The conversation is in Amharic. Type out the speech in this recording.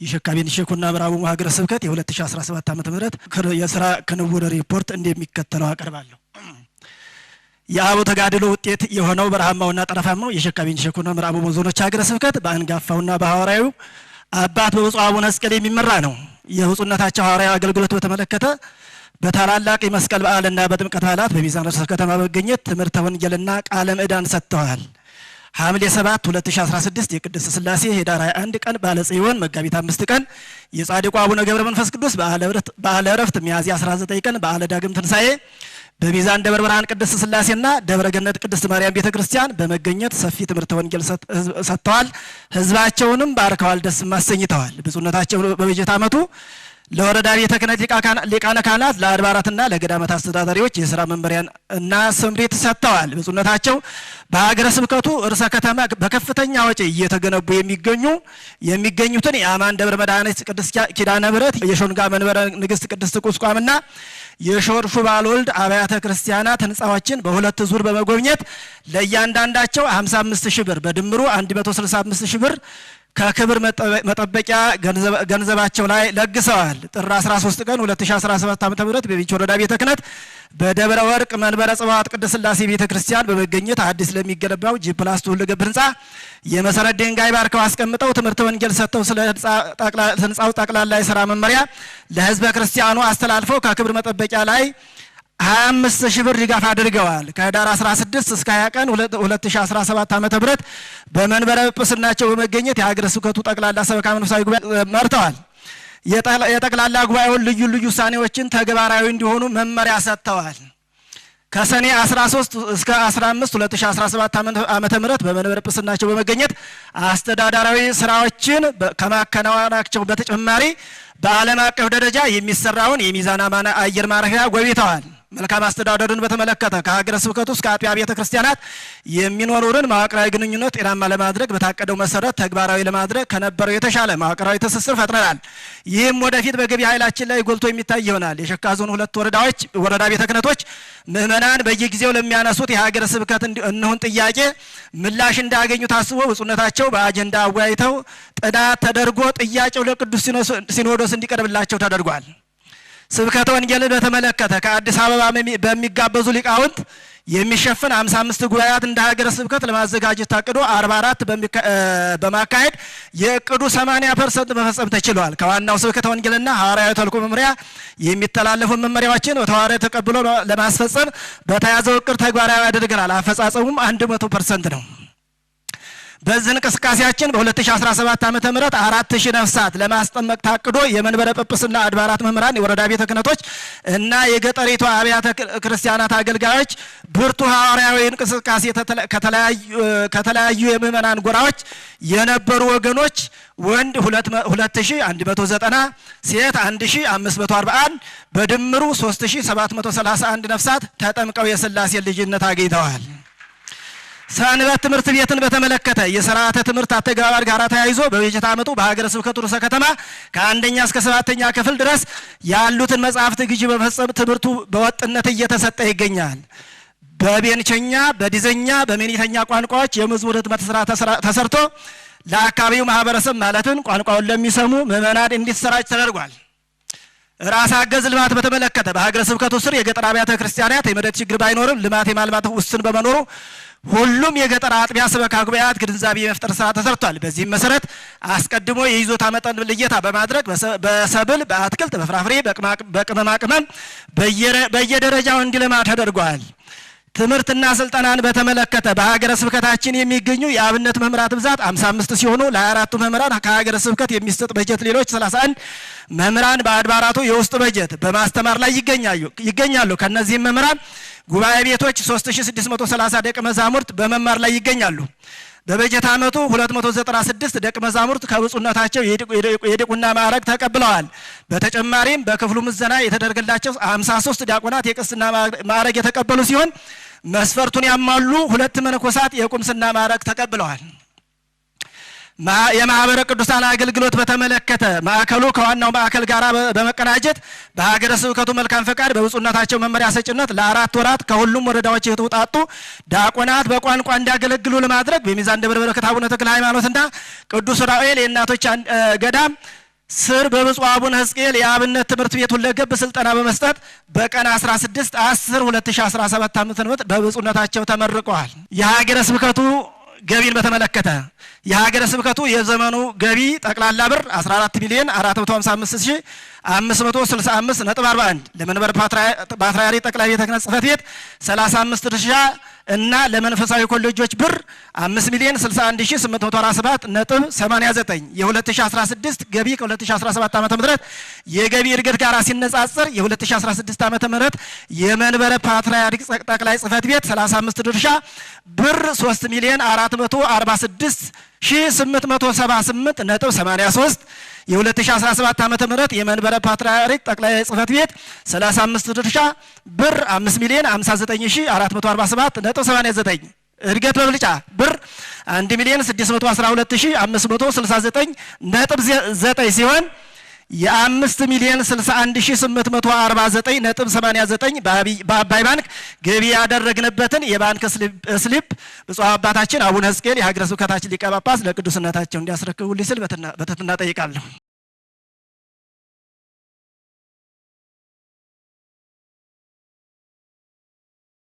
የሸካቤን ቤንሸኮና ምዕራቡ ሀገረ ስብከት የ2017 ዓ ም የስራ ክንውን ሪፖርት እንደሚከተለው አቀርባለሁ። የአበው ተጋድሎ ውጤት የሆነው በረሃማውና ጠረፋማው የሸካቤን ቤንሸኮና ምዕራቡ ዞኖች ሀገረ ስብከት በአንጋፋውና በሐዋርያዊው አባት በብፁዕ አቡነ የሚመራ ነው። የብፁዕነታቸው ሐዋርያዊ አገልግሎት በተመለከተ በታላላቅ የመስቀል በዓልና በጥምቀት በዓላት በሚዛን ረድስ ከተማ በመገኘት ትምህርተ ወንጌልና ቃለ ምዕዳን ሰጥተዋል። ሐምሌ 7 2016 የቅድስት ስላሴ፣ ኅዳር 21 ቀን በዓለ ጽዮን፣ መጋቢት 5 ቀን የጻድቁ አቡነ ገብረ መንፈስ ቅዱስ በዓለ ዕረፍት፣ ሚያዝያ 19 ቀን በዓለ ዳግም ትንሣኤ በቢዛን ደብረ ብርሃን ቅድስት ሥላሴና ደብረ ገነት ቅድስት ማርያም ቤተ ክርስቲያን በመገኘት ሰፊ ትምህርተ ወንጌል ሰጥተዋል። ህዝባቸውንም ባርከዋል፣ ደስ አሰኝተዋል። ብፁዕነታቸው በበጀት ዓመቱ ለወረዳ ቤተ ክህነት ሊቃነ ካህናት ለአድባራትና ለገዳማት አስተዳዳሪዎች የስራ መመሪያን እና ስምሪት ሰጥተዋል። ብፁዕነታቸው በሀገረ ስብከቱ ርዕሰ ከተማ በከፍተኛ ወጪ እየተገነቡ የሚገኙ የሚገኙትን የአማን ደብረ መድኃኒት ቅድስት ኪዳነ ምሕረት፣ የሾንጋ መንበረ ንግሥት ቅድስት ቁስቋምና የሾርሹ ባልወልድ አብያተ ክርስቲያናት ህንፃዎችን በሁለት ዙር በመጎብኘት ለእያንዳንዳቸው 55 ሺህ ብር በድምሩ 165 ሺህ ብር ከክብር መጠበቂያ ገንዘባቸው ላይ ለግሰዋል። ጥር 13 ቀን 2017 ም በቤንች ወረዳ ቤተ ክህነት በደብረ ወርቅ መንበረ ጽባት ቅድስት ስላሴ ቤተ ክርስቲያን በመገኘት አዲስ ለሚገነባው ጂ ፕላስ ሁለገብ ህንፃ የመሰረት ድንጋይ ባርከው አስቀምጠው ትምህርተ ወንጌል ሰጥተው ስለ ህንፃው ጠቅላላ የስራ መመሪያ ለህዝበ ክርስቲያኑ አስተላልፈው ከክብር መጠበቂያ ላይ 25 ሺህ ብር ድጋፍ አድርገዋል። ከህዳር 16 እስከ 20 ቀን 2017 ም በመንበረ ጵጵስናቸው በመገኘት የሀገረ ስብከቱ ጠቅላላ ሰበካ መንፈሳዊ ጉባኤ መርተዋል። የጠቅላላ ጉባኤውን ልዩ ልዩ ውሳኔዎችን ተግባራዊ እንዲሆኑ መመሪያ ሰጥተዋል። ከሰኔ 13 እስከ 15 2017 ዓመተ ም በመንበረ ጵጵስናቸው በመገኘት አስተዳደራዊ ስራዎችን ከማከናወናቸው በተጨማሪ በዓለም አቀፍ ደረጃ የሚሰራውን የሚዛን አየር ማረፊያ ጎብኝተዋል። መልካም አስተዳደርን በተመለከተ ከሀገረ ስብከቱ እስከ አጥቢያ ቤተ ክርስቲያናት የሚኖሩርን መዋቅራዊ ግንኙነት ጤናማ ለማድረግ በታቀደው መሰረት ተግባራዊ ለማድረግ ከነበረው የተሻለ መዋቅራዊ ትስስር ፈጥረናል። ይህም ወደፊት በገቢ ኃይላችን ላይ ጎልቶ የሚታይ ይሆናል። የሸካ ዞን ሁለት ወረዳዎች ወረዳ ቤተ ክህነቶች ምዕመናን በየጊዜው ለሚያነሱት የሀገረ ስብከት እነሆን ጥያቄ ምላሽ እንዳያገኙ ታስቦ ብፁዕነታቸው በአጀንዳ አወያይተው ጥናት ተደርጎ ጥያቄው ለቅዱስ ሲኖዶስ እንዲቀርብላቸው ተደርጓል። ስብከተ ወንጌልን በተመለከተ ከአዲስ አበባ በሚጋበዙ ሊቃውንት የሚሸፍን 55 ጉባኤያት እንደ ሀገረ ስብከት ለማዘጋጀት ታቅዶ 44 በማካሄድ የእቅዱ 80 ፐርሰንት መፈጸም ተችሏል። ከዋናው ስብከተ ወንጌልና ሐዋርያዊ ተልእኮ መምሪያ የሚተላለፉ መመሪያዎችን በተዋረ ተቀብሎ ለማስፈጸም በተያዘው እቅድ ተግባራዊ አድርገናል። አፈጻጸሙም 100 ፐርሰንት ነው። በዚህ እንቅስቃሴያችን በ2017 ዓ ም አራት ሺህ ነፍሳት ለማስጠመቅ ታቅዶ የመንበረ ጵጵስና አድባራት መምህራን፣ የወረዳ ቤተ ክህነቶች እና የገጠሪቱ አብያተ ክርስቲያናት አገልጋዮች ብርቱ ሐዋርያዊ እንቅስቃሴ ከተለያዩ የምዕመናን ጎራዎች የነበሩ ወገኖች ወንድ 2190፣ ሴት 1541 በድምሩ 3731 ነፍሳት ተጠምቀው የስላሴ ልጅነት አግኝተዋል። ሰንበት ትምህርት ቤትን በተመለከተ የስርዓተ ትምህርት አተገባበር ጋር ተያይዞ በበጀት ዓመቱ በሀገረ ስብከቱ ርዕሰ ከተማ ከአንደኛ እስከ ሰባተኛ ክፍል ድረስ ያሉትን መጽሐፍት ግዢ በመፈጸም ትምህርቱ በወጥነት እየተሰጠ ይገኛል። በቤንቸኛ፣ በዲዘኛ፣ በሜኒተኛ ቋንቋዎች የመዝሙር ህትመት ስራ ተሰርቶ ለአካባቢው ማህበረሰብ ማለትም ቋንቋውን ለሚሰሙ ምዕመናን እንዲሰራጭ ተደርጓል። ራስ አገዝ ልማት በተመለከተ በሀገረ ስብከቱ ስር የገጠር አብያተ ክርስቲያናት የመሬት ችግር ባይኖርም ልማት የማልማት ውስን በመኖሩ ሁሉም የገጠር አጥቢያ ስበካ ጉባኤያት ግንዛቤ የመፍጠር ስራ ተሰርቷል። በዚህም መሰረት አስቀድሞ የይዞታ መጠን ልየታ በማድረግ በሰብል፣ በአትክልት፣ በፍራፍሬ፣ በቅመማ ቅመም በየደረጃው እንዲለማ ተደርጓል። ትምህርትና ስልጠናን በተመለከተ በሀገረ ስብከታችን የሚገኙ የአብነት መምራት ብዛት 55 ሲሆኑ ለአራቱ መምህራን ከሀገረ ስብከት የሚሰጥ በጀት ሌሎች 31 መምህራን በአድባራቱ የውስጥ በጀት በማስተማር ላይ ይገኛሉ። ከነዚህም መምህራን ጉባኤ ቤቶች 3630 ደቀ መዛሙርት በመማር ላይ ይገኛሉ። በበጀት ዓመቱ 296 ደቀ መዛሙርት ከብፁዕነታቸው የዲቁና ማዕረግ ተቀብለዋል። በተጨማሪም በክፍሉ ምዘና የተደረገላቸው 53 ዲያቆናት የቅስና ማዕረግ የተቀበሉ ሲሆን መስፈርቱን ያሟሉ ሁለት መነኮሳት የቁምስና ማዕረግ ተቀብለዋል። የማህበረ ቅዱሳን አገልግሎት በተመለከተ ማዕከሉ ከዋናው ማዕከል ጋር በመቀናጀት በሀገረ ስብከቱ መልካም ፈቃድ በብፁዕነታቸው መመሪያ ሰጭነት ለአራት ወራት ከሁሉም ወረዳዎች የተውጣጡ ዲያቆናት በቋንቋ እንዲያገለግሉ ለማድረግ በሚዛን ደብረ በረከት አቡነ ተክለ ሃይማኖትና ቅዱስ ራኤል የእናቶች ገዳም ስር በብፁዕ አቡነ ሕዝቅኤል የአብነት ትምህርት ቤት ሁለገብ ስልጠና በመስጠት በቀን 16 10 2017 ም በብፁዕነታቸው ተመርቀዋል። የሀገረ ስብከቱ ገቢን በተመለከተ የሀገረ ስብከቱ የዘመኑ ገቢ ጠቅላላ ብር 14 ሚሊዮን 455565 ነጥብ 41 ለመንበር ፓትርያርክ ጠቅላይ ቤተ ክህነት ጽሕፈት ቤት እና ለመንፈሳዊ ኮሌጆች ብር 5 ሚሊዮን 61847 ነጥብ 89 የ2016 ገቢ ከ2017 ዓ ም የገቢ እድገት ጋር ሲነጻጽር የ2016 ዓ ም የመንበረ ፓትርያርክ ጠቅላይ ጽህፈት ቤት 35 ድርሻ ብር 3 ሚሊዮን 446 1878 ነጥብ 83 የ2017 ዓመተ ምህረት የመንበረ ፓትርያርክ ጠቅላይ ጽሕፈት ቤት 35 ድርሻ ብር 5 ሚሊዮን 59447 ነጥብ 89 እድገት በብልጫ ብር 1 ሚሊዮን 612569 ነጥብ 9 ሲሆን የአምስት ሚሊዮን 61849.89 በአባይ ባንክ ገቢ ያደረግንበትን የባንክ ስሊፕ ብፁዕ አባታችን አቡነ ሕዝቅኤል የሀገረ ስብከታችን ሊቀ ጳጳስ ለቅዱስነታቸው እንዲያስረክቡልኝ ስል በትህትና ጠይቃለሁ።